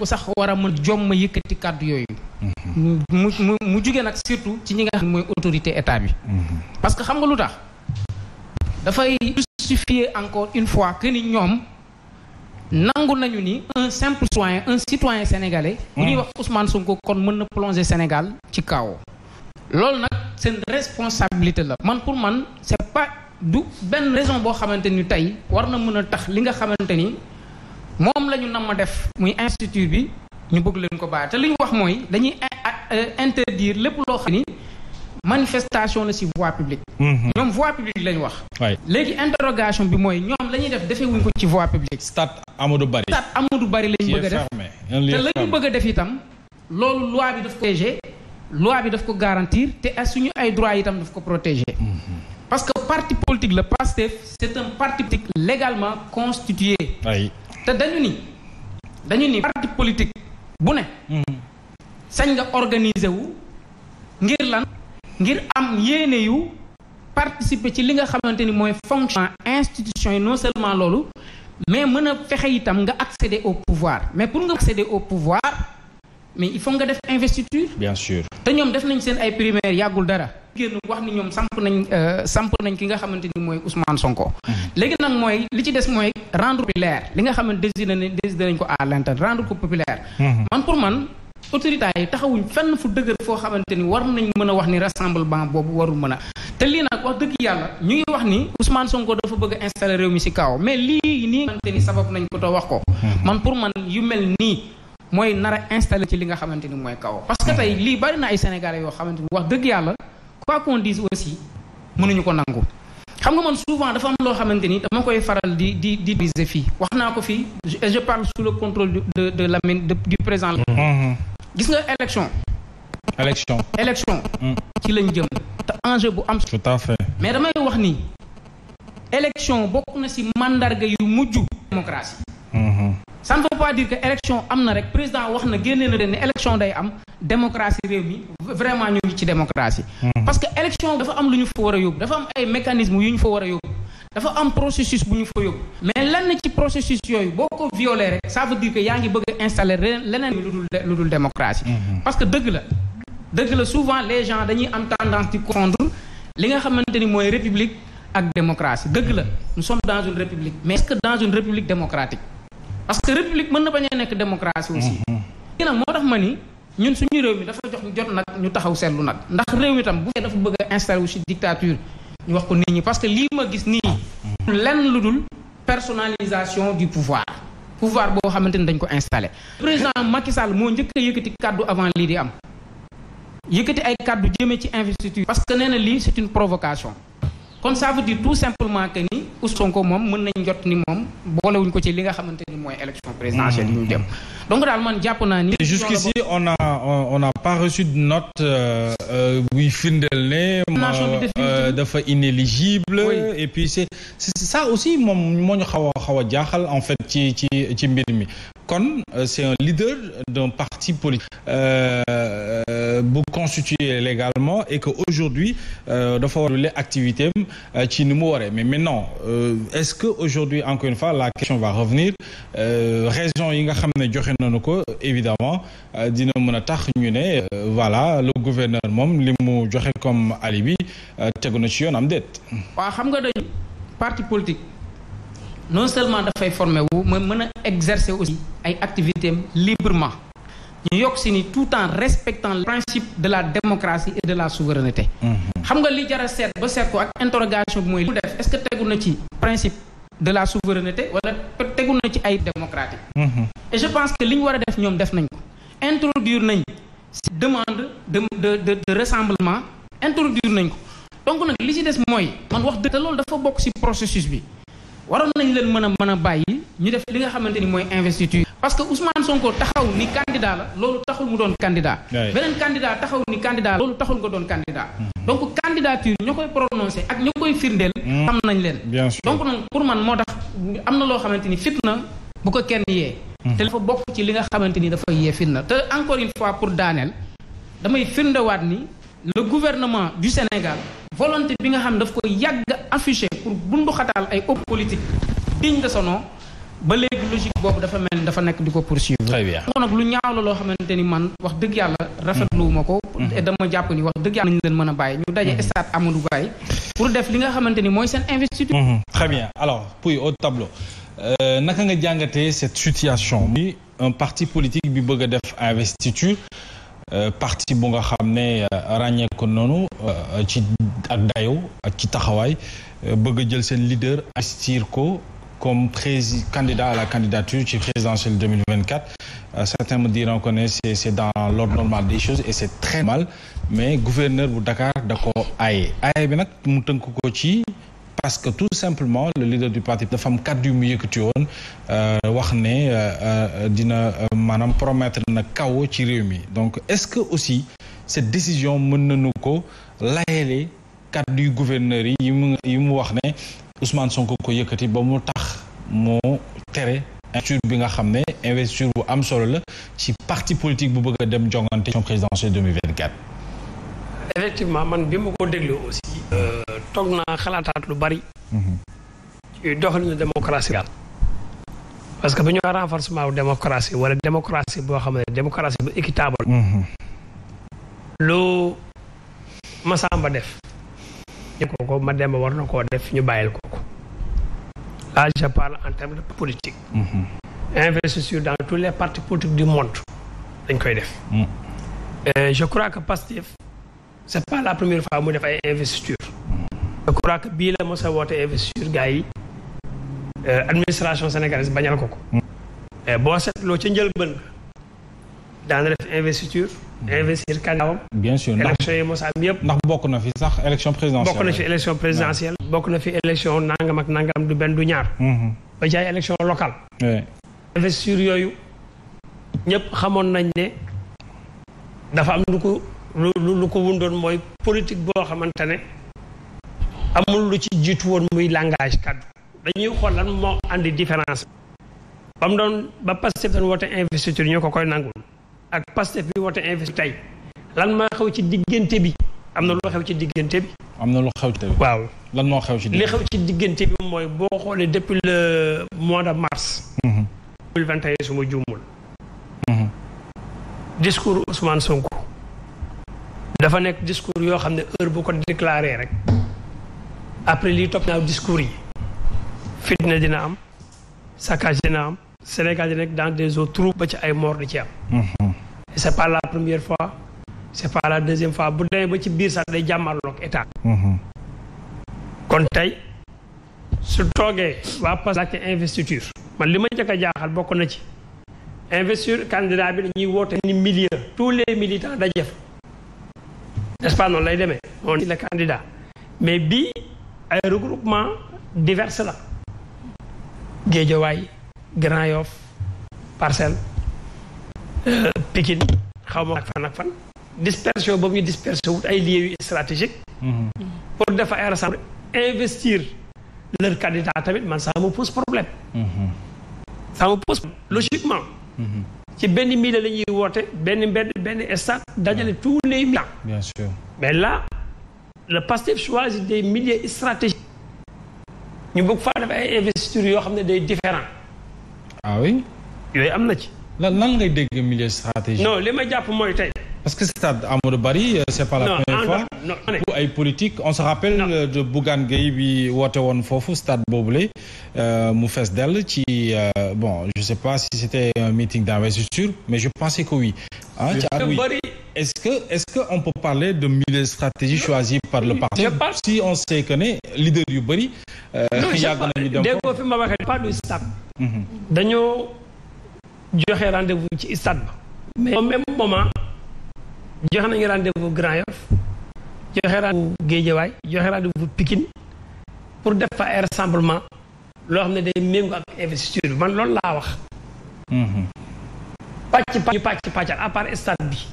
ñëpp sax war a mën jomm yëkkati kàddu yooyu. Mhm. mu mu mu jugee nag surtout ci ñi nga xam ne mooy autorité état bi. Mhm. parce que xam nga lu tax dafay justifier encore une fois que ni ñoom nangu nañu ni un simple citoyen un citoyen sénégalais. bu ñuy mhm. wax Ousmane Sonko kon mën na plonger Sénégal ci kaw. loolu nag seen responsabilité la man pour man c'est pas du benn raison boo xamante ni tey war na mën a tax li nga xamante ni. moom la ñu ma def muy institut bi ñu bëgg leen ko baax te li ñu wax mooy dañuy interdire lépp loo xam ni manifestation la ci voie publique mhm. ñoom voie publique lañ wax léegi interrogation bi mooy ñoom la ñuy def defee wuñ ko ci voie publique stade Amadou Barry stade Amadou Barry lañ bëgg a def te la ñu bëgg a def itam loolu loi bi daf ko protéger loi bi daf ko garantir te suñu ay droit itam daf ko protéger mhm. parce que parti politique le PASTEF c'est un parti politique légalement constitué te dañu ni dañu ni parti politique bu ne mm-hmm. sañ nga organiser wu ngir lan ngir am yéene yu participer ci li nga xamante ni mooy fonction institution yi no seulement loolu mais mën a fexe itam nga accéder au pouvoir mais pour nga accéder au pouvoir mais il faut nga def investiture bien te ñoom def nañ seen ay primaires yàggul dara génn wax ni ñoom euh, samp nañ ki nga xamante ni mooy Ousmane Sonko. Mhm. léegi nag mooy li ci des mooy rendre populaire li nga xamante désiré nañ nañ ko à rendre ko populaire. Mhm. man pour man autorité taxawuñ fenn fu dëgër foo xamante ni war nañ mën a wax ni rassemblement boobu warul mën a te lii nag wax dëgg yàlla ñu ngi wax ni Ousmane Sonko dafa bëgg a mi ci kaw mais lii nii nga xamante ni sabab nañ ko to wax ko. Mhm. man pour man yu mel nii. a quoi qu'on dise aussi mënuñu ko nangu xam nga man souvent dafa am loo xamante ni dama koy faral di di di viser fii wax naa ko fii je parle sous le contrôle de de Lamine du président mm-hmm. Mm-hmm. gis nga élection élection élection mm. ci lañ jëm te enjeu bu am tout à mais damay wax ni élection bokk na ci mandarga yu mujj démocratie mm-hmm. ça ne veut pas dire que élection am na rek président wax na génne na ne élection day am démocratie réew mi vraiment ñu ngi ci démocratie hmm. parce que élection dafa am lu ñu fa war a yóbbu dafa am ay mécanismes yu ñu fa war a yóbbu dafa am processus bu ñu fa yóbbu mais lenn ci processus yooyu boo ko violé rek yaa ngi bëgg a installer leneen dul lu dul démocratie hmm. parce que dëgg la dëgg la souvent les gens dañuy am tendance di confondre li nga xamante ni mooy république ak démocratie dëgg la nous sommes dans une république mais est-ce que dans une république démocratique parce que république mën na bañ a nekk démocratie aussi hmm, ñun suñu réew mi dafa jox mu jot nag ñu taxaw seetlu nag ndax réew mi tam bu fekkee dafa bëgg a installé wu ci dictature ñu wax ko nit ñi parce que lii ma gis nii lenn lu dul personnalisation du pouvoir pouvoir boo xamante ni dañ ko installé président Macky Sall moo njëkk a yëkkati kàddu avant lii di am yëkkati ay kàddu jëmee ci investiture parce que nee na lii c'est une provocation kon ça tout simplement que ni Ousmane Sonko moom mën nañ jot ni moom boolewuñ ko ci li nga xamante ni mooy élection présidentielle yi ñu dem donc daal man jàpp naa ni. jusqu'ici on a on n'a pas reçu de note buy euh, euh, firndeel ne. ma euh, dafa inéligible. et puis c'est ça aussi moom moo ñu xaw a xaw a jaaxal en fait ci ci ci mbir mi kon c'est un leader d'un parti politique. bu constitué légalement et que aujourd'hui dafa war les activités ci ni mu waree mais maintenant est-ce que aujourd'hui encore une fois la question va revenir raison yi nga xam ne joxe nañu ko évidemment euh, dina mën a tax ñu ne euh, voilà le gouverneur moom li mu joxe comme alibi euh, tegu na ci yoon am déet. waaw xam nga dañu parti politique non seulement dafay former wu mais mën a exercer aussi ay activités librement ñu yokk si ni tout en respectant le principe de la démocratie et de la souveraineté. Mhm. xam nga li jar seet ba seet ko ak interrogation bi mooy li def est-ce que tegu na ci principe de la souveraineté wala tegu ci ay démocratique mhm. je pense que li ñu war a def ñoom def nañ ko introduire nañ si demande de de de de rassemblement introduire nañ ko donc nag li ci des mooy man wax dëgg te loolu dafa bokk si processus bi waroon nañu leen mën a mën a bàyyi ñu def li nga xamante ni mooy investiture. parce que Ousmane Sonko taxaw ni candidat la loolu taxul mu doon candidat. beneen candidat taxaw ni candidat loolu taxul nga doon candidat. Hmm. donc candidature ñoo koy prononcé ak ñoo koy firndeel. Hmm. xam nañ leen. donc nag pour man moo tax am na loo xamante ni fitna bu ko kenn Mhm. te dafa bokk ci li nga xamante ni dafa yee fitna te encore une fois pour daaneel damay waat ni le gouvernement du Sénégal volonté bi nga xam ne daf ko yàgg affiché pour bunduxataal ay homme politique digne de son nom ba léegi logique boobu dafa mel ni dafa nekk di ko poursuivre. très bien kon nag lu ñaaw la loo xamante ni man wax dëgg yàlla. rafetluwuma ko. Mhm. Mhm. et dama jàpp ni wax dëgg yàlla ñu leen mën a bàyyi. ñu daje stade Amadou Barry pour def li nga xamante ni mooy seen investiture. très bien alors Pouye Euh, naka nga jàngatee cette situation ni un parti politique bi bëgg a def investiture euh, parti bu nga xam ne euh, ràññee ko noonu ci ak dayo ak ci taxawaay bëgg jël seen leader investir ko comme prési candidat à la candidature ci présidentielle 2024 certains me diront que c'est c'est dans l'ordre normal des choses et c'est très mal mais gouverneur bu Dakar da ko aaye aaye bi nag mu tënk ko ci parce que tout simplement le leader du parti dafa am kàddu yu mu yëkkati woon euh, wax ne euh, euh, dina maanaam promettre na kaw ci réew mi donc est-ce que aussi cette décision mën nañu ko layalee kàddu yu gouverneur yi yi mu yi mu wax ne Ousmane Sonko ko yëkkati ba mu tax moo tere investiture bi nga xam ne investiture bu am solo la ci parti politique bu bëgg a dem jongante élection présidentielle 2024 effectivement man bi ma ko déglu aussi. Euh, toog naa xalaataat lu bari. Mhm. ci doxalinu démocratie daal. parce que bu ñu renforcement wu démocratie wala démocratie boo xam ne démocratie bu équitable. Mhm. lu Masamba def. ñu ko ma dem war na def ñu bàyyil ko ko. là je parle en mhm. les partis politiques du monde dañ koy def. Mm. Euh, je crois que Pastef. c'est pas la première fois mu def ay investiture je crois bii la mos a woote investiture gars yi euh, administration sénégalaise bañal ko ko euh, boo seetloo ca njëlbeen daana def investiture hmm. investir kandidaawam bien sûr élection yi mos a am ndax bokk na fi sax élection présidentielle bokk na fi élection présidentielle bokk na fi élection nangam ak nangam du benn du ñaar hmm. ba jaay élection locale investiture yooyu ñëpp xamoon nañ ne dafa am nu ko lu lu ko wundoon mooy politique boo xamante ne amul lu ci jiitu woon muy langage kaddu dañuy xool lan moo andi différence ba mu doon ba Pastef doon woote investiture ñoo ko koy nangul ak Pastef bi woote investiture tey lan maa xew ci diggante bi am na lu xew ci diggante bi. am na lu xew ci waaw lan moo xew ci diggante bi ci diggante mooy boo xoolee depuis le mois de mars. 2021 mhm. su ma juumul. Mhm. discours Ousmane Sonko. dafa nekk discours yoo xam ne heure bu ko déclaré rek après lii topp naaw discours yi fitna dina am saccage dina am Sénégal di nekk dans des eaux troubles ba ci ay mort di ci am mm-hmm. c' est pas la première fois c' est pas la deuxième fois bu demee ba ci biir sax day jàmmarloog état mm-hmm. kon tey su toogee waa pas laajte investiture man li ma njëkk a jaaxal bokk na ci investiture candidat bi dañuy woote ni milieu tous les militants daje fa n'est-ce noonu lay deme on dit candidat mais bii ay regroupement divers la Géejawaay Grand Yoff Parcelles euh, Pikine xaw ma ak fan ak fan dispersion boobu ñu dispersé wut ay lieux yu stratégique mm-hmm. pour dafa ay rassemble investir leur candidat tamit man ça me problème mm-hmm. ça me pose logiquement mm-hmm. ci benn mille la ñuy woote benn mbedd benn stade dajale tous les militants. bien sûr mais là le Pastef choisit des milliers stratégiques ñu bëgg faa def ay investitures yoo xam ne day différent ah oui. yooyu am na ci. lan lan ngay dégg milliers stratégiques. non li ma jàpp mooy tey. parce que stade Amadou Barry euh, c'est pas la première fois politique on se rappelle euh, de Bougane Gueye bi woote foofu stade boobule euh, mu fees dell ci euh, bon je sais pas si c'était un meeting d'investiture mais je pensais que oui ah, est-ce que est-ce que on peut parler de mille stratégies choisies par le parti si on sait que ne leader yu bëri euh, yàgg nañu dem déggoo du stade mhm. dañoo joxe rendez ci stade mais au même moment joxe nañu rendez-vous Grand Yoff joxe rendez-vous Guédiawaay joxe rendez-vous pour def fa ay rassemblement loo xam ne day méngoo ak investiture bi man loolu laa wax. Mhm. pàcc pàcc ñu pàcc pàccal à part stade bi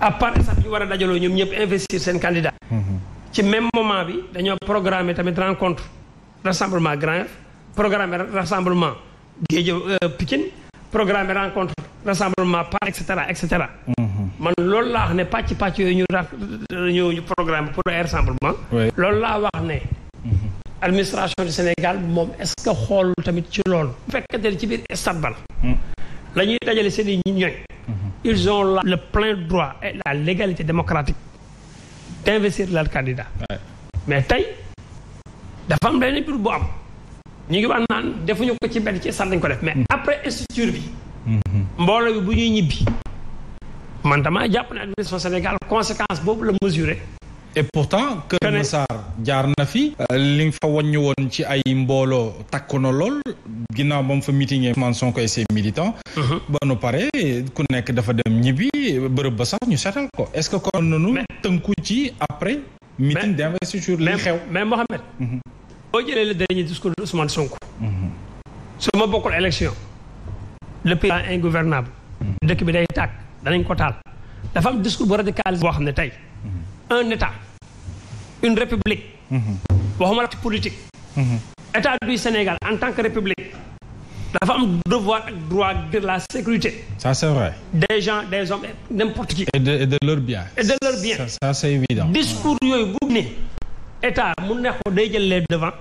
à part stade bi war a dajaloo ñoom ñëpp investir seen candidat. Mhm. ci même moment bi dañoo programme tamit rencontre rassemblement Grand Yoff programmer rassemblement Guédiawaay euh, Pikine programmer rencontre rassemblement par et cetera et cetera. man loolu laa wax ne pàcc pàcc yooyu ñu ra ñu programme pour le rassemblement. loolu laa wax ne. administration du Sénégal moom est-ce que xool tamit ci loolu. bu fekkente ci biir stade bal hmm. la ñuy dajale seen i ñoñ. Hmm. ils ont la le plein droit et la légalité démocratique d'investir leur candidat. mais tey dafa am benn mbir bu am. ñu ngi wax naan defuñu ko ci benn ci stade dañ ko def mais hmm. après institut bi. mboolo bi bu ñuy ñibbi. man damaa jàpp ne administration Sénégal conséquence boobu la mesurer. et pourtant Kër Massar jaar na fi. Euh, li nga fa wàññi woon ci ay mbooloo takk na lool ginnaaw ba mu fa meetingee Ousmane Sonko et ses militants. Uh-huh. ba nu nekk dafa dem ñibbi bërëb ba sax ñu seetal ko est-ce que kon nanu tënku ci après. meeting d'investiture li xew mais mhm. boo jëlee le dernier discours de Ousmane Sonko. Mhm. su ma bokkul élection. le pays ingouvernable. Mhm. dëkk bi day tàkk. danañ ko taal dafa am discours bu radicalisé boo xam ne tey un état une république waxuma la politique état du Sénégal en tant que république dafa am devoir ak droit de la sécurité ça c'est des gens des hommes n'importe qui et de, et leur bien et de leur bien discours yooyu bu ne état mu neex ko day jël les devant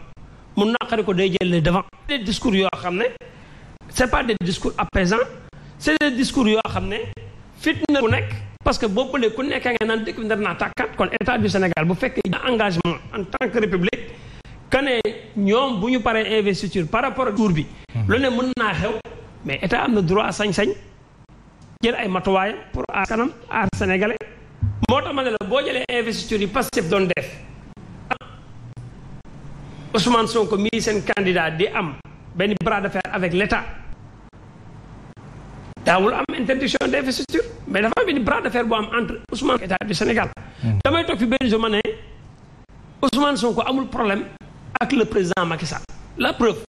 mu naqari ko day jël les devant des discours yoo xam ne c'est pas des discours apaisants c'est des discours yoo xam ne fitna bu nekk parce que boo bëlee ku nekk nga naan dëkk bi ndar naa tàkkat kon état du Sénégal bu fekk na engagement en tant que république que ne ñoom bu ñu paree investiture par rapport ak tour bi hmm. lu ne mën naa xew mais état am na droit sañ-sañ jël ay matuwaay pour aar kanam aar sénégalais moo tax ma ne la boo jëlee investiture yi Pastef doon def Ousmane Sonko mii seen candidat di am benn bras de fer avec l' état daawul am interdiction d' investiture mais dafa am benn bras de fer bu am entre Ousmane état du Sénégal. Hmm. damay toog fi benn jour ma ne Ousmane Sonko amul problème ak le président Macky Sall la preuve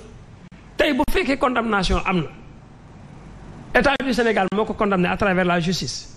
tey bu fekkee condamnation am na état du Sénégal moo ko condamné à travers la justice.